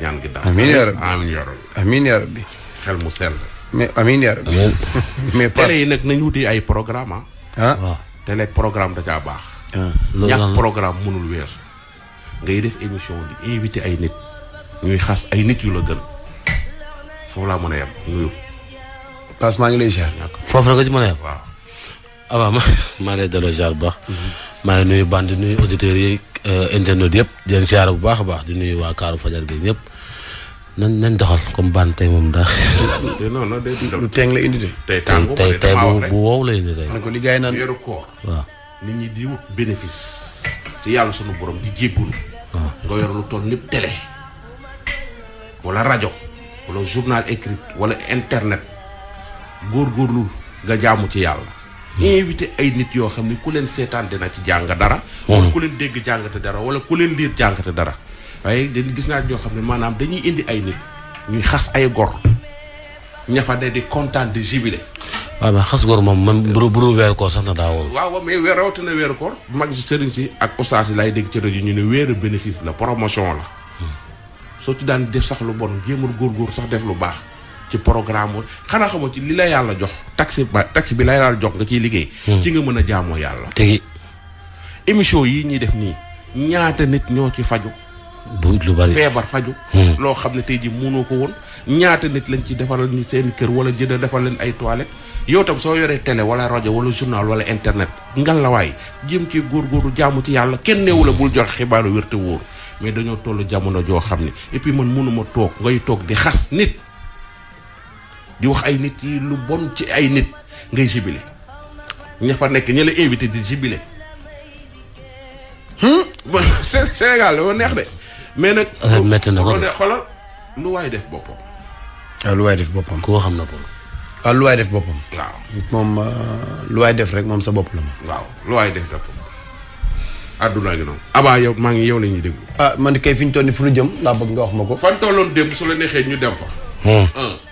ñaan gi daal. amiin yaa rabbi amiin yaa rabbi xel mu sell. mais amiin yaa rabbi mais parce que télé yi nag nañu wuti ay programme ah. waaw ah. ah. télé programme da baax. Ah. ñàkk programme mënul weesu. ngay def émission di invité ay nit. ñuy xas ay nit yu la gën. foofu laa mën a yem nuyu. passe maa ngi lay ziar. foofu la nga ci mën a yem. waaw. ah maa maa delloo ziar bu maa ngi nuyu bandi nuyu auditeurs yi euh, internet yëpp di leen bu baax a baax di nuyu waa Kaaru Fajar bi ñëpp nañ nañ doxal comme band tey moom daa. lu teng la indi de. tey tàngoor tey tey bu wow la indi tey. man ko li gars yi naan weeru koor. bénéfice. ci yàlla sunu borom di jéggulu. nga yor lu toll lépp télé. wala rajo. wala journal wala internet. góorgóorlu nga jaamu ci yàlla. invité ay nit yoo xam ne ku leen seetaan dina ci jàng dara. wala hmm. ku leen dégg jàngate dara wala ku leen liir jàngate dara. waaye dañu gis naa joo xam ne maanaam dañuy indi ay nit ñuy xas ay gor ñafa di kontaan di jubilé. waaw mais xas gor moom man bu bu weer koor sax na daawoo. waaw mais weer na weer koor. mag si sëriñ si ak ustaas yi laay dégg ci rajo ñu ne weeru bénéfice la promotion la. Hmm. soo ci daan def sax lu bon jéemal góor-góor sax def lu baax. ci programme wu xanaa xamoo ci li la yàlla jox taxi ba taxi bi la yàlla jox nga ciy liggéey hmm. ci nga mën a jaamoo yàlla tegi émission yi ñuy def nii ñaata nit ñoo ci faju bu lu bari feebar faju hmm. loo xam ne tey ji mënoo ko woon ñaata nit lañ ci defaral ñu seen kër wala jënd defal leen ay toilettes yow tam soo yoree télé wala rajo wala journal wala internet ngal la waay jëm ci góor góoru jaamu ci yàlla kenn newu la bul jox xibaaru wér wóor mais dañoo tollu jamono joo xam ne et mënuma toog ngay toog di xas nit di wax ay nit yi lu bon ci ay nit ngay jibile ñu fa nekk ña la invité di jibile hmm? Sénégal la neex de mais nag. Ah, oh, métti na ko oh, oh, de xoolal lu waay def boppam. waaw ah, lu waay def boppam. koo xam na ko. Ah, waaw def boppam. waaw moom lu waay def rek moom sa bopp la moom. waaw lu waaye def boppam. àdduna gi noonu. abaa yow maa ngi yow la ñuy déglu. ah man kay fi ñu toll nii fu ñu jëm laa bëgg nga wax ma ko. fan tolloon démb su la neexee ñu dem fa. Hmm.